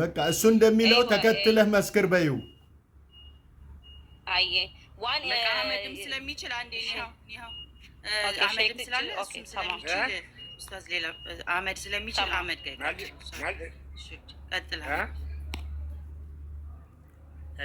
በቃ እሱ እንደሚለው ተከትለህ መስክር በይው። አህመድም ስለሚችል አንዴ አህመድም ስላለ እሱም ስለሚችል ኡስታዝ ሌላ አህመድ ስለሚችል አህመድ ቀጥላ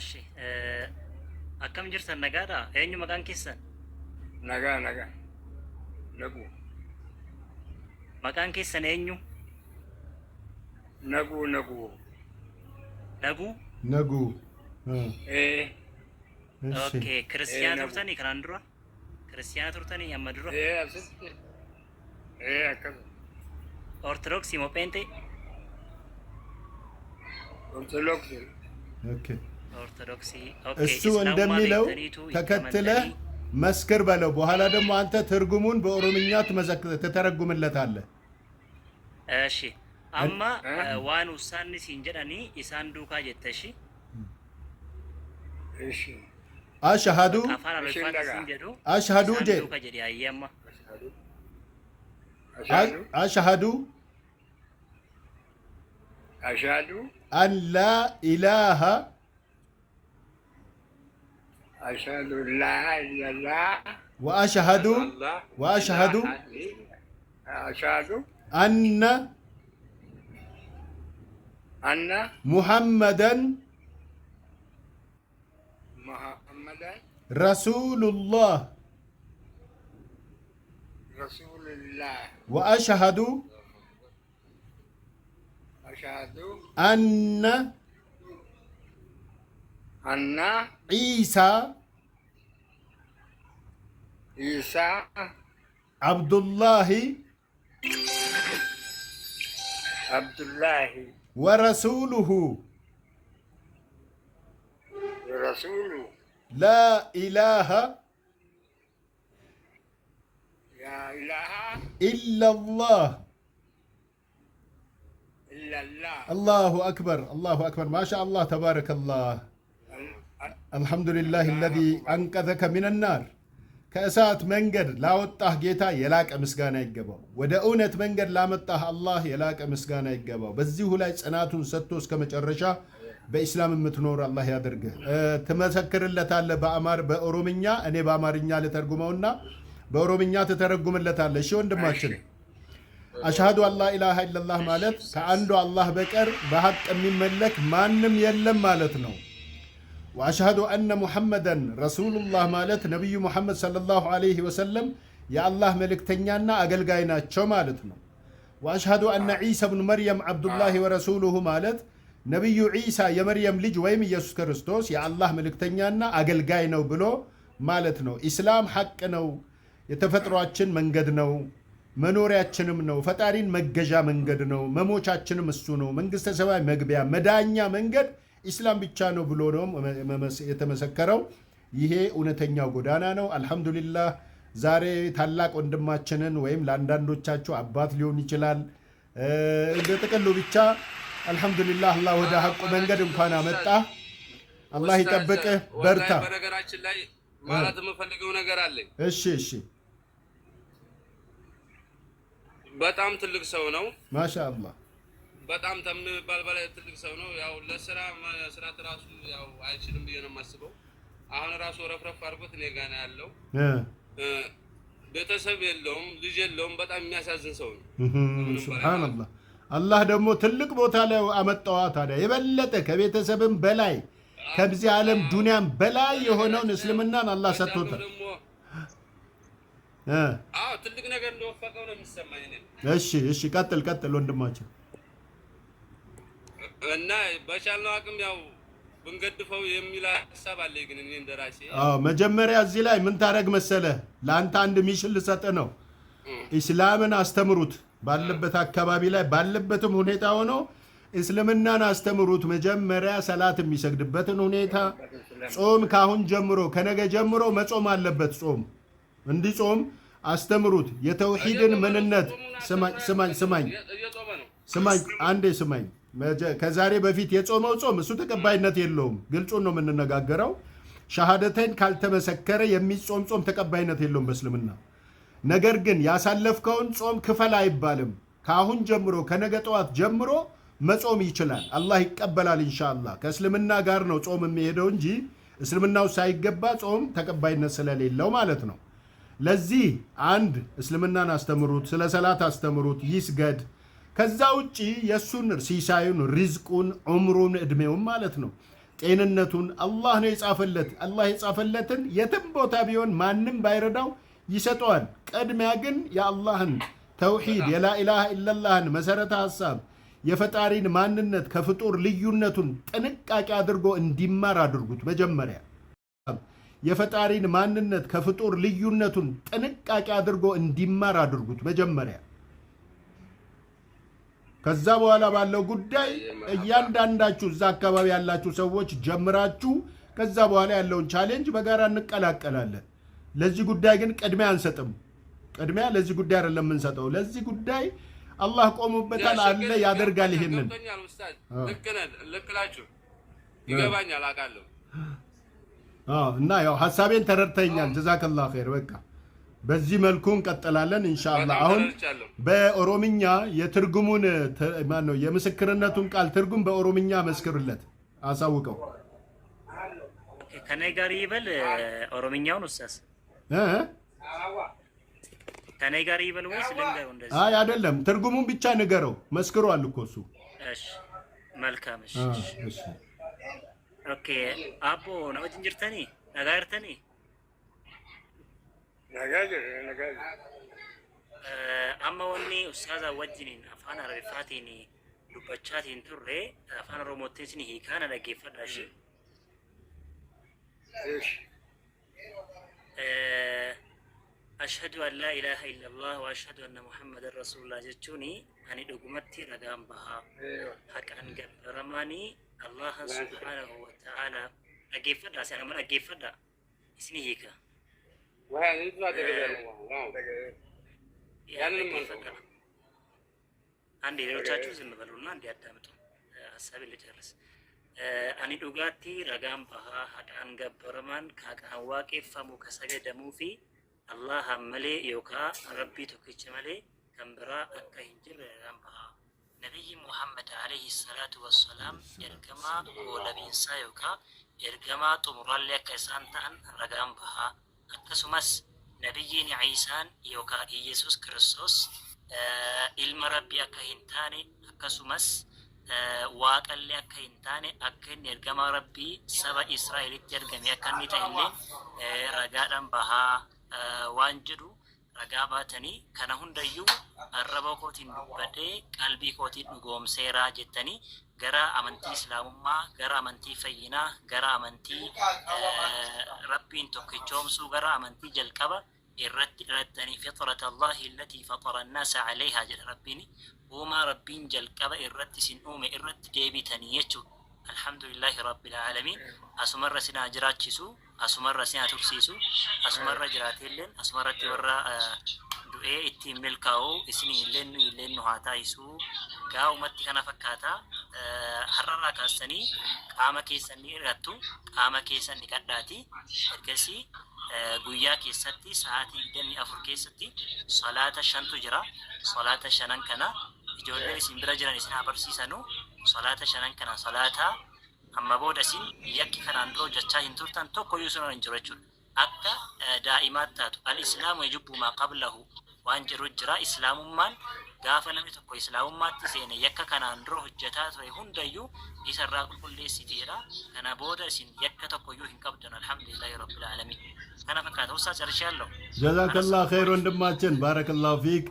እሺ አከም ጅርሰን ነጋዳ የኙ መቃን ኪሰን ነጋ ነጋ Naguu. Maqaan keessan eenyu? Naguu Naguu. Naguu? Naguu. Ee. Okei, kiristiyaana turtanii kanaan dura? Kiristiyaana turtanii amma dura? Ee, asitti. Ee, akkasuma. Ortodoksii moo Pheenxee? Ortodoksii. ኦኬ። ኦርቶዶክሲ እሱ እንደሚለው ተከትለ መስክር በለው። በኋላ ደግሞ አንተ ትርጉሙን በኦሮምኛ ትተረጉምለታለህ። እሺ አማ ዋን ውሳኒ ሲንጀዳኒ ኢሳን ዱካ ጀተሺ እሺ አሽሃዱ አሽሃዱ ጀ አሽሃዱ አሽሃዱ አን ላ ኢላሃ أشهد أن لا إلا الله وأشهد وأشهد أشهد أن أن محمدا محمدا رسول الله رسول الله وأشهد أشهد أن أن عيسى عيسى عبد الله عبد الله ورسوله ورسوله لا إله لا إله إلا الله إلا الله الله أكبر الله أكبر ما شاء الله تبارك الله አልሐምዱሊላህ ለዚ አንቀዘከ ሚነናር ከእሳት መንገድ ላወጣህ ጌታ የላቀ ምስጋና ይገባው። ወደ እውነት መንገድ ላመጣህ አላህ የላቀ ምስጋና ይገባው። በዚሁ ላይ ጽናቱን ሰጥቶ እስከ መጨረሻ በኢስላም የምትኖር አላህ ያደርግህ። ትመሰክርለታለህ በአማር በኦሮምኛ እኔ በአማርኛ ልተርጉመውና በኦሮምኛ ትተረጉምለታለህ። እሺ ወንድማችን፣ አሽሃዱ አን ላኢላሃ ኢለላህ ማለት ከአንዱ አላህ በቀር በሀቅ የሚመለክ ማንም የለም ማለት ነው። ወአሽሃዱ አነ ሙሐመደን ረሱሉላህ ማለት ነቢዩ ሙሐመድ ሰለላሁ ዓለይሂ ወሰለም የአላህ መልእክተኛና አገልጋይ ናቸው ማለት ነው። ወአሽሃዱ አነ ዒሳ ብኑ መርየም ዓብዱላሂ ወረሱሉሁ ማለት ነቢዩ ዒሳ የመርየም ልጅ ወይም ኢየሱስ ክርስቶስ የአላህ መልእክተኛና አገልጋይ ነው ብሎ ማለት ነው። ኢስላም ሐቅ ነው፣ የተፈጥሯችን መንገድ ነው፣ መኖሪያችንም ነው፣ ፈጣሪን መገዣ መንገድ ነው፣ መሞቻችንም እሱ ነው፣ መንግሥተ ሰማይ መግቢያ መዳኛ መንገድ ኢስላም ብቻ ነው ብሎ ነው የተመሰከረው። ይሄ እውነተኛው ጎዳና ነው። አልሐምዱሊላህ ዛሬ ታላቅ ወንድማችንን ወይም ለአንዳንዶቻችሁ አባት ሊሆን ይችላል እንደ ጥቅሉ ብቻ አልሐምዱሊላህ አላህ ወደ ሀቁ መንገድ እንኳን አመጣ። አላህ ይጠብቅ በርታ። በነገራችን ላይ ማለት የምፈልገው ነገር አለኝ። እሺ፣ እሺ። በጣም ትልቅ ሰው ነው ማሻአላህ በጣም ከምባል በላይ ትልቅ ሰው ነው። ያው ለስራ መስራት ራሱ ያው አይችልም ብዬ ነው የማስበው። አሁን ራሱ ረፍረፍ አድርጎት እኔ ጋና ያለው ቤተሰብ የለውም፣ ልጅ የለውም። በጣም የሚያሳዝን ሰው ነው። ሱብሃነላህ። አላህ ደግሞ ትልቅ ቦታ ላይ አመጣዋ። ታዲያ የበለጠ ከቤተሰብም በላይ ከዚህ ዓለም ዱንያም በላይ የሆነውን እስልምናን አላህ ሰጥቶታል። ትልቅ ነገር እንደወፈቀው ነው የሚሰማኝ። እሺ፣ እሺ፣ ቀጥል፣ ቀጥል ወንድማቸው እና በቻልነው አቅም ያው ብንገድፈው የሚል ሀሳብ አለ። ግን እኔ እንደራሴ መጀመሪያ እዚህ ላይ ምን ታደረግ መሰለ፣ ለአንተ አንድ ሚሽን ልሰጥ ነው። ኢስላምን አስተምሩት ባለበት አካባቢ ላይ ባለበትም ሁኔታ ሆኖ እስልምናን አስተምሩት። መጀመሪያ ሰላት የሚሰግድበትን ሁኔታ፣ ጾም ካሁን ጀምሮ ከነገ ጀምሮ መጾም አለበት። ጾም እንዲጾም አስተምሩት። የተውሂድን ምንነት ስማኝ ስማኝ ስማኝ ስማኝ አንዴ ስማኝ ከዛሬ በፊት የጾመው ጾም እሱ ተቀባይነት የለውም። ግልጹን ነው የምንነጋገረው። ሻሃደተን ካልተመሰከረ የሚጾም ጾም ተቀባይነት የለውም በእስልምና። ነገር ግን ያሳለፍከውን ጾም ክፈል አይባልም። ከአሁን ጀምሮ ከነገ ጠዋት ጀምሮ መጾም ይችላል። አላህ ይቀበላል እንሻላ ከእስልምና ጋር ነው ጾም የሚሄደው እንጂ እስልምናው ሳይገባ ጾም ተቀባይነት ስለሌለው ማለት ነው። ለዚህ አንድ እስልምናን አስተምሩት፣ ስለ ሰላት አስተምሩት፣ ይስገድ ከዛ ውጪ የእሱን ሲሳዩን ሪዝቁን ዑምሩን እድሜውን ማለት ነው ጤንነቱን አላህ ነው የጻፈለት። አላህ የጻፈለትን የትም ቦታ ቢሆን ማንም ባይረዳው ይሰጠዋል። ቅድሚያ ግን የአላህን ተውሂድ የላኢላሃ ኢለላህን መሰረተ ሀሳብ የፈጣሪን ማንነት ከፍጡር ልዩነቱን ጥንቃቄ አድርጎ እንዲማር አድርጉት። መጀመሪያ የፈጣሪን ማንነት ከፍጡር ልዩነቱን ጥንቃቄ አድርጎ እንዲማር አድርጉት መጀመሪያ ከዛ በኋላ ባለው ጉዳይ እያንዳንዳችሁ እዛ አካባቢ ያላችሁ ሰዎች ጀምራችሁ ከዛ በኋላ ያለውን ቻሌንጅ በጋራ እንቀላቀላለን። ለዚህ ጉዳይ ግን ቅድሚያ አንሰጥም። ቅድሚያ ለዚህ ጉዳይ አይደለም የምንሰጠው። ለዚህ ጉዳይ አላህ ቆሙበታል አለ ያደርጋል። ይሄንን ልክ ይገባኛል፣ አውቃለሁ እና ያው ሀሳቤን ተረድተኛል። ጀዛከላህ ኸይር በቃ በዚህ መልኩ እንቀጥላለን እንሻላ። አሁን በኦሮምኛ የትርጉሙን ማን ነው የምስክርነቱን ቃል ትርጉም በኦሮምኛ መስክርለት አሳውቀው። ከኔ ጋር ይበል ኦሮምኛውን ኡስታዝ እ ከኔ ጋር ይበል ወይስ ልንገረው? እንደዚህ አይ አይደለም፣ ትርጉሙን ብቻ ንገረው። መስክሮ አለ እኮ እሱ። እሺ መልካም። እሺ ኦኬ አቦ ነው እንጅርተኒ ነጋርተኒ نجاجر نجاجر آه، أما وني أستاذ وجنين أفانا رفاتيني لبتشاتين ترى أفانا روموتيني هي كان على كيف إيش آه، أشهد أن لا إله إلا الله وأشهد أن محمد رسول الله جتوني أن الأقمتي رقام بها أيوة. حق أن رماني الله سبحانه وتعالى أجيب فدا سأنا من أجيب فدا اسمي هيك አንድ ሌሎቻችሁ ዝም በሉና እንዲያዳምጡ ሀሳቤ ልጨርስ። አኒ ዱጋቲ ረጋን ባሃ ሀቃን ገበረማን ካቃን ዋቄፈሙ ከሰገ ደሙፊ አላህ መሌ ዮካ ረቢ ቶክች መሌ ከንብራ አካ ሂንጅር ረጋን ባሃ ነቢይ ሙሐመድ አለይሂ ሰላቱ ወሰላም ኤርገማ ሆለቢንሳ ዮካ ኤርገማ ጡሙራሌ አካ ኢሳን ባሃ አክሱመስ ነቢይን ዒሳን ዮካ ኢየሱስ ክርስቶስ ኢልመ ረቢ አካ ሂንታኔ አክሱመስ ዋቀሌ አካ ሂንታኔ አክን ኤርገማ ረቢ ሰበ ኢስራኤልት ረጋዳን ባሃ ዋንጅዱ ረጋ ባተኒ ከነ ሁንደዩ አረበ ኮቲን ዱበዴ ቀልቢ ኮቲን ዱጎም ጀተኒ ገራ አመንቲ እስላሙማ ገራ አመንቲ ፈይና ገራ አመንቲ توكي توم سوغرا من تجل كبا إردني فطرة الله التي فطر الناس عليها جل ربيني وما ربين جل كبا إرد سنومي إرد ديبي تنيتو الحمد لله رب العالمين أسمر سنا جرات شسو أسمر سنا تبسيسو أسمر جرات أسمر تورا آه، دوئي اتي ملكاو اسمي اللين اللين نهاتا كاو متي كان فكاتا har'arraa kaastanii qaama keessan ni hirkattu, qaama keessan ni kadhaati. Ergasii guyyaa keessatti sa'aatii 24 keessatti salaata shantu jira. Salaata shanan kana ijoolleen isin bira jiran isin habarsiisanu salaata shanan kana salaata amma booda isin yakki kanaan dura hojjechaa hin turtan tokkoyyuu sun hin jiru jechuudha. Akka daa'imaatti taatu al-islaamu yajubbu maa qablahu waan jiru jira islaamummaan gaafa namni tokko islaamummaatti seene yakka kanaan dura hojjetaa ture hundayyuu isa isarraa qulqulleessiteedha. Kana booda isin yakka tokko iyyuu hin qabdan alhamdulillahi rabbil alamin. Kana fakkaata ውሳ ጨርሻለሁ። ጀዛከላህ ኸይር ወንድማችን ባረከላሁ ፊክ።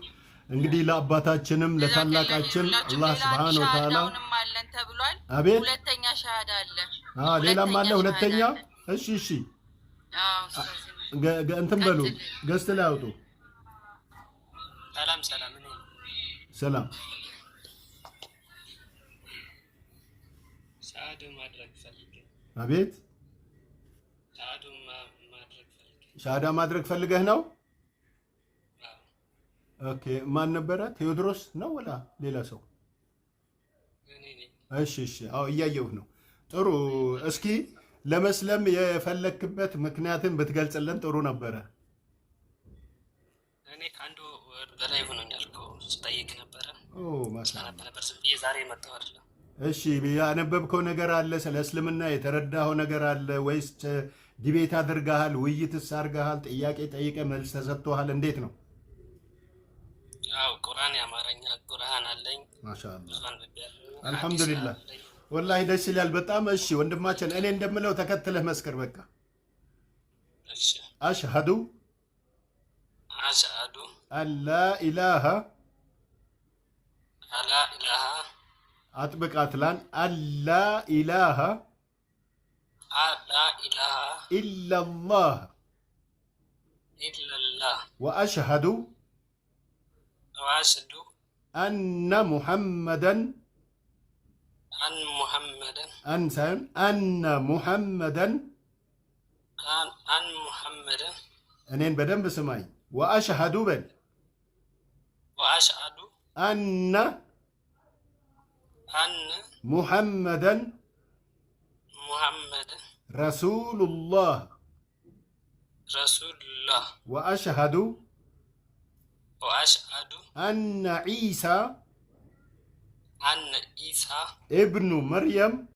እንግዲህ ለአባታችንም ለታላቃችን አላህ ስብሓነ ወተዓላ አለን ተብሏል። አቤት ሁለተኛ ሻሃዳ አለ። ሌላም አለ ሁለተኛ። እሺ እሺ፣ እንትን በሉ ገዝት ላይ አውጡ። ሰላም ሰላም ሰላም አቤት ሻዳ ማድረግ ፈልገህ ነው? ኦኬ። ማን ነበረ? ቴዎድሮስ ነው ወላ ሌላ ሰው? እሺ፣ እሺ። አዎ እያየሁ ነው። ጥሩ። እስኪ ለመስለም የፈለክበት ምክንያትን ብትገልጽልን ጥሩ ነበረ። እኔ ከአንዱ በላይ ሆኖኛል። ስጠይቅ ነበረ ብዬ ዛሬ መጣሁ አይደለም። እሺ ያነበብከው ነገር አለ? ስለ እስልምና የተረዳኸው ነገር አለ ወይስ ዲቤት አድርገሃል? ውይይትስ አድርገሃል? ጥያቄ ጠይቀ መልስ ተሰጥቶሃል? እንዴት ነው? አዎ ቁርአን፣ የአማርኛ ቁርአን አለኝ። አልሐምዱሊላህ ወላሂ ደስ ይላል በጣም። እሺ ወንድማችን፣ እኔ እንደምለው ተከትለህ መስክር። በቃ አሽሃዱ አላ ኢላሃ ألا إله أطبق أثلان ألا إله ألا إله إلا الله إلا الله وأشهد وأشهد أن محمدا أن محمدا أن أن محمدا أن أن محمدا أنين بدم بسمعي وأشهد بل وأشهد أن أن محمدا محمدا رسول الله رسول الله وأشهد وأشهد أن عيسى أن عيسى ابن مريم